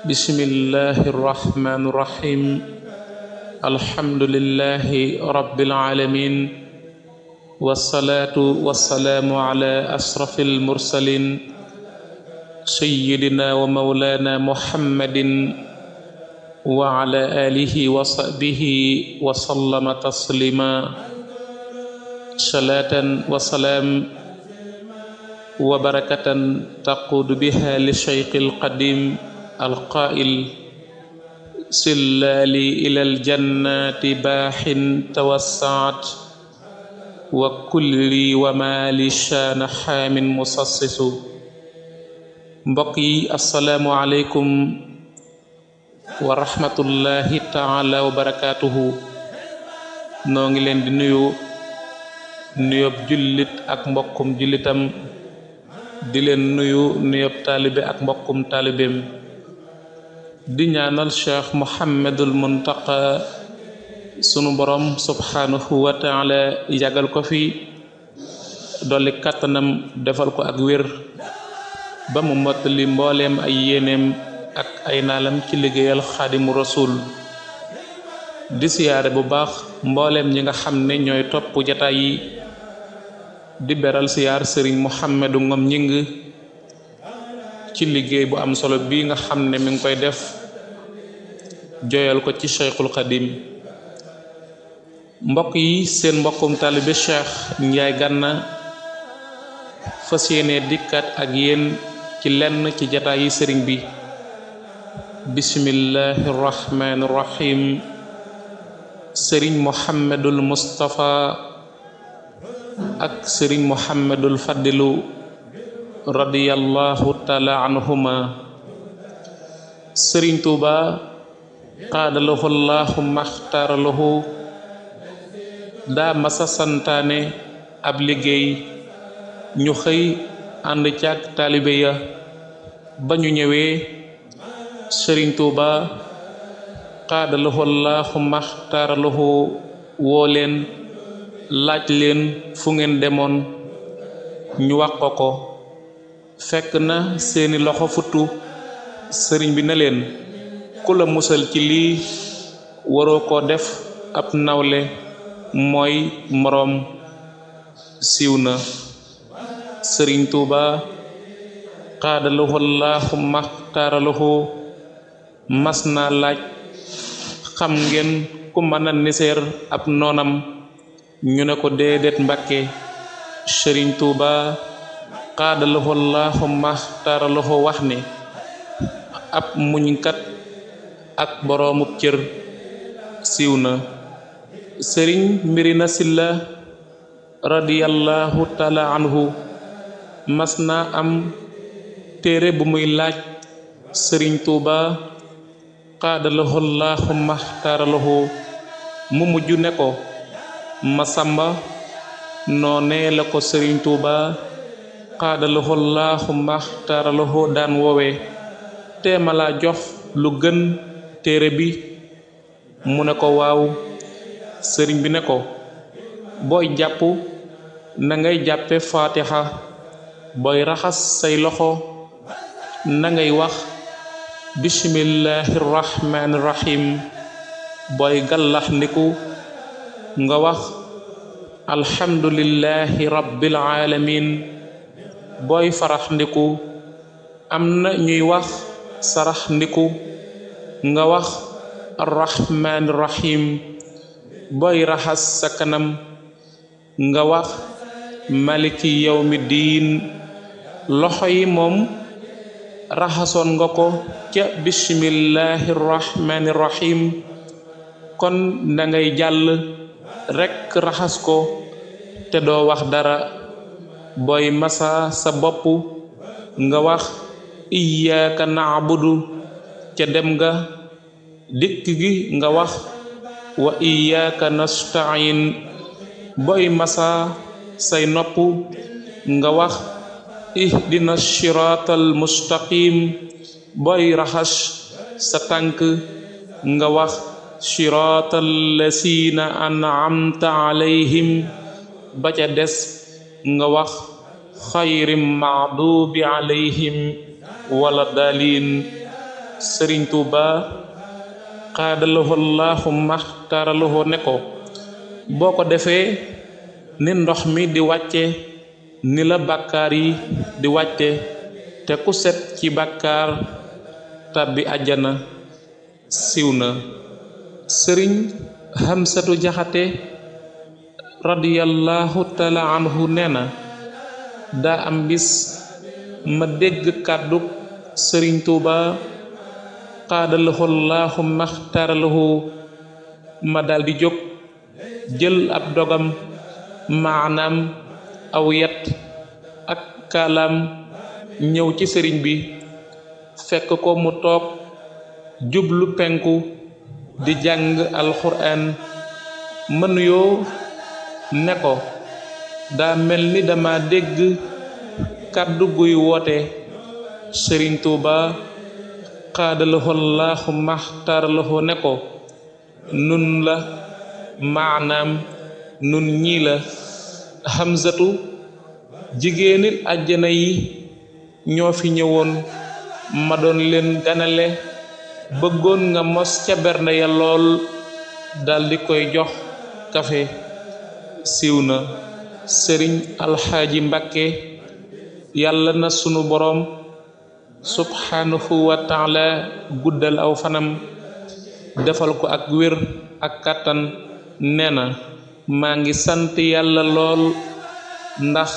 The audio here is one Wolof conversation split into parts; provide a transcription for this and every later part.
bismillahi irrahmani irrahim alhamdulilahi rabbil alamin wasalaatu wasalaamu ala ashrafil mursalin sayyidina wa mawlana muhammadin wa ala alihi wa sahbihi wa sallama taslima salaatan wa salaam wa barakatan taquudu biha li shaykhil qadim القائل سلالي إلى الجنة باح توسعت وكلي ومالي شان حام مصصص mbokki asalaamualeykum wa rahmatullahi taala wa barakaatuhu noo ngi leen di nuyu nuyob jullit ak mbokkum jullitam di leen nuyu nuyob taalibe ak mbokkum taalibeem di ñaanal cheikh mohammadul muntaqa sunu borom subhanahu wa la yagal ko fi dolli kàttanam defal ko ak wér ba mu mottali mbooleem ay yéeneem ak ay naalam ci liggéeyal xaadimu rasul di siyaare bu baax mbooleem ñi nga xam ne ñooy topp jataay yi di beral siyaar sëriñ Mouhamadou Ngom ñing ci liggéey bu am solo bi nga xam ne mi ngi koy def joyal ko ci cheikhul xadim mbokk yi seen mbokkum taalibe cheikh Ndiaye Gana fas yéene dikkat ak yenn ci lenn ci jataay yi sëriñ bi bismillahi rahmaani sëriñ mohammadul mustafa ak sëriñ mohammadul fadilu radiyallahu taala anhuma sëriñ tuuba qaada lahu allahumma axtaara lahu daa masa santaane ab liggéey ñu xëy ànd caag taalibe ya ba ñu ñëwee sëriñ tuuba qaada lahu allahumma axtaara lahu woo leen laaj leen fu ngeen demoon ñu wax ko ko fekk na seeni loxo futtu sëriñ bi na leen ku la musal ci lii waroo ko def ab nawle mooy moroom siiw na sëriñ tuuba xaadaluhu laaxu maxtaaraluhu mas naa laaj xam ngeen ku mën a ab noonam ñu ne ko déedéet mbàkke sëriñ tuuba xaadaluhu laaxu maxtaaraluhu wax ne ab muñkat ak moroomub cër siiw na sëriñ mbirina silla radiyallahu taala anhu mas naa am téere bu muy laaj sëriñ tuuba xaadalahu allahumma xtaaralahu mu mujj ne ko masamba noonee la ko sëriñ tuuba xaadalahu allahumma xtaaralahu daan woowe teema laa jox lu gën téere bi mu ne ko waaw sëriñ bi ne ko booy jàpp na ngay jàppe faatixa booy raxas say loxo na ngay wax bismillahi rahmaani rahim booy gàllax nga wax alhamdulillahi rabbil alamin booy farax am na ñuy wax sarax nga wax arrahman rahim raxas sa kanam nga wax maliki yawmi diin loxo yi moom raxasoon nga ko ca bismillahi rahmani rahim kon da ngay jàll rekk raxas ko te doo wax dara boy masa sa bopp nga wax iyyaka na'budu ca dem nga dikk gi nga wax wa iyaaka nastain booy masa say nopp nga wax ihdina siraatal mustaqim booy raxas sa tànk nga wax siraatal lasiina an'amta alayhim ba ca des nga wax xayrim maxduubi alayhim wala daliin sëriñ tuuba xaadaloho laahumma taaraloho ne ko boo ko defee ni ndox mi di wàcce ni la bàkkaar yi di wàcce te ku set ci bàkkaar tàbbi àjjana siiw na sëriñ xamsatu jaxate radiyallahu taala anhu nee na daa am bis ma dégg kàddug sëriñ tuuba qaadalahu allahumma xtaaralahu ma daldi jóg jël ab dogam maanaam awyet ak kaalaam ñëw ci sëriñ bi fekk ko mu toog jublu penku di jàng alxuraan mën yoo ne ko daa mel ni dama dégg kàddu guy woote sëriñ Tuuba qaadaloxo laaxu maxtaaraloxo ne ko nun la maanaam nun ñii la satu jigéenil àjjana yi ñoo fi ñëwoon ma doon leen ganale bëggoon nga mos ca bernde ya lool daldi koy jox kafe siiw na sëriñ alxaaji mbakke yàlla na sunu boroom subhanahu wa taala guddal aw fanam defal ko ak wér ak kàttan nee na maa ngi sant yàlla lool ndax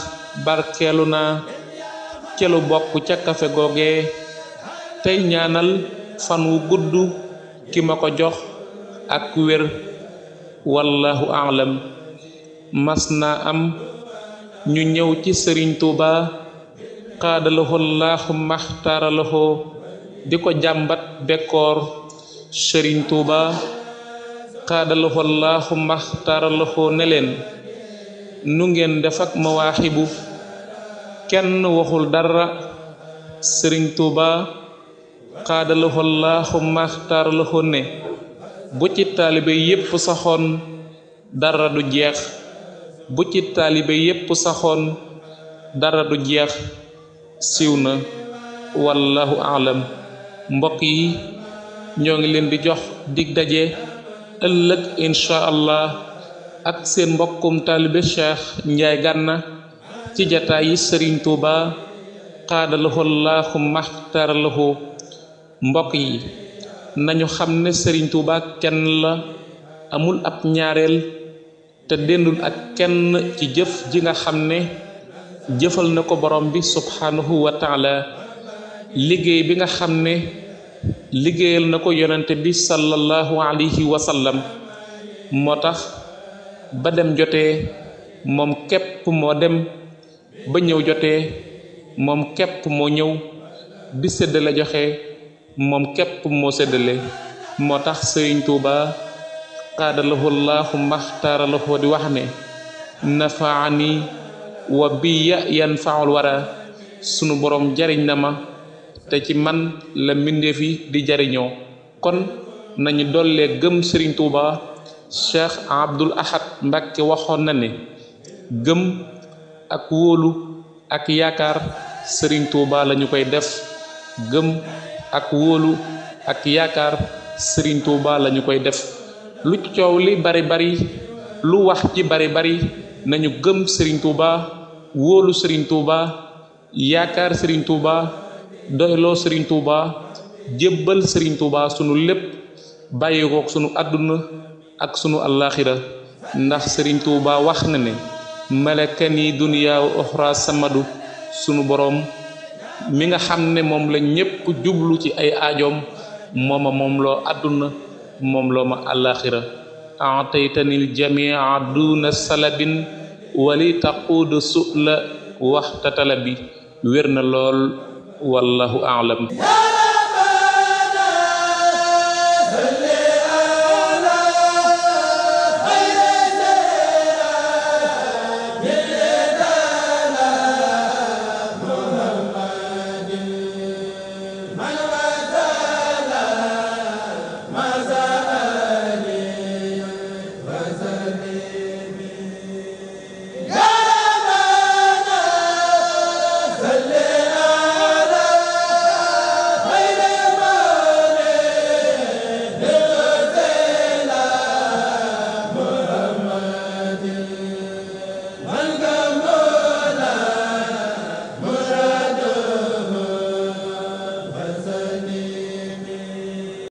barkeelu naa ci lu bokk ca kafe googee tey ñaanal fan wu gudd ki ma ko jox ak wér wallahu aalam mas na am ñu ñëw ci sëriñ Tuuba qaadalahu laaxu maxtaaralahu di ko jàmbat bekkoor sëriñ tuuba qaadalahu laaxu maxtaaralahu ne nu ngeen def ak mawaaxibu kenn waxul dara sëriñ tuuba qaadalahu laaxu maxtaaralahu ne bu ci taalibe yépp saxoon dara du jeex bu ci taalibe yépp saxoon dara du jeex siiw na wallahu alam mbokk yi ñoo ngi leen di jox dig daje ëllëg incha allah ak seen mbokkum taalibe cheikh njaay gànna ci jataay yi sëriñ tuuba xaadalahu laahu maxtaralahu mbokk yi nañu xam ne sëriñ tuuba kenn la amul ab ñaareel te dendul ak kenn ci jëf ji nga xam ne jëfal na ko borom bi subhanahu wa taala liggéey bi nga xam ne liggéeyal na ko yonente bi sallallahu alayhi wa sallam moo tax ba dem jotee moom képp moo dem ba ñëw jotee moom képp moo ñëw bi séddale joxe moom képp moo séddale moo tax sëriñ tuuba qaadalahu llahu maxtaaralahu di wax ne nafaani wa biya yenn faxul wara sunu boroom jariñ na ma te ci man la mbindeef yi di jariñoo kon nañu dollee gëm Serigne Touba Cheikh Abdoul Ahad Mbacké waxoon na ne gëm ak wóolu ak yaakaar sëriñ Touba lañu koy def gëm ak wóolu ak yaakaar Serigne Touba lañu koy def lu coow li bari bari lu wax ci bari bari nañu gëm Serigne Touba wóolu Serigne Touba yaakaar sëriñ Touba doyloo Serigne Touba jébbal sëriñ Touba sunu lépp bàyyi kook sunu àdduna ak sunu àllaaxira ndax Serigne Touba wax na ne malakani duniya wa oxra samadu sunu boroom mi nga xam ne moom la ñépp jublu ci ay aajoom mooma moom loo àdduna moom loo ma àllaaxira ataytani ljamia duna salabin wali taquudu sula waxtatala bi wér na lool wallahu aalam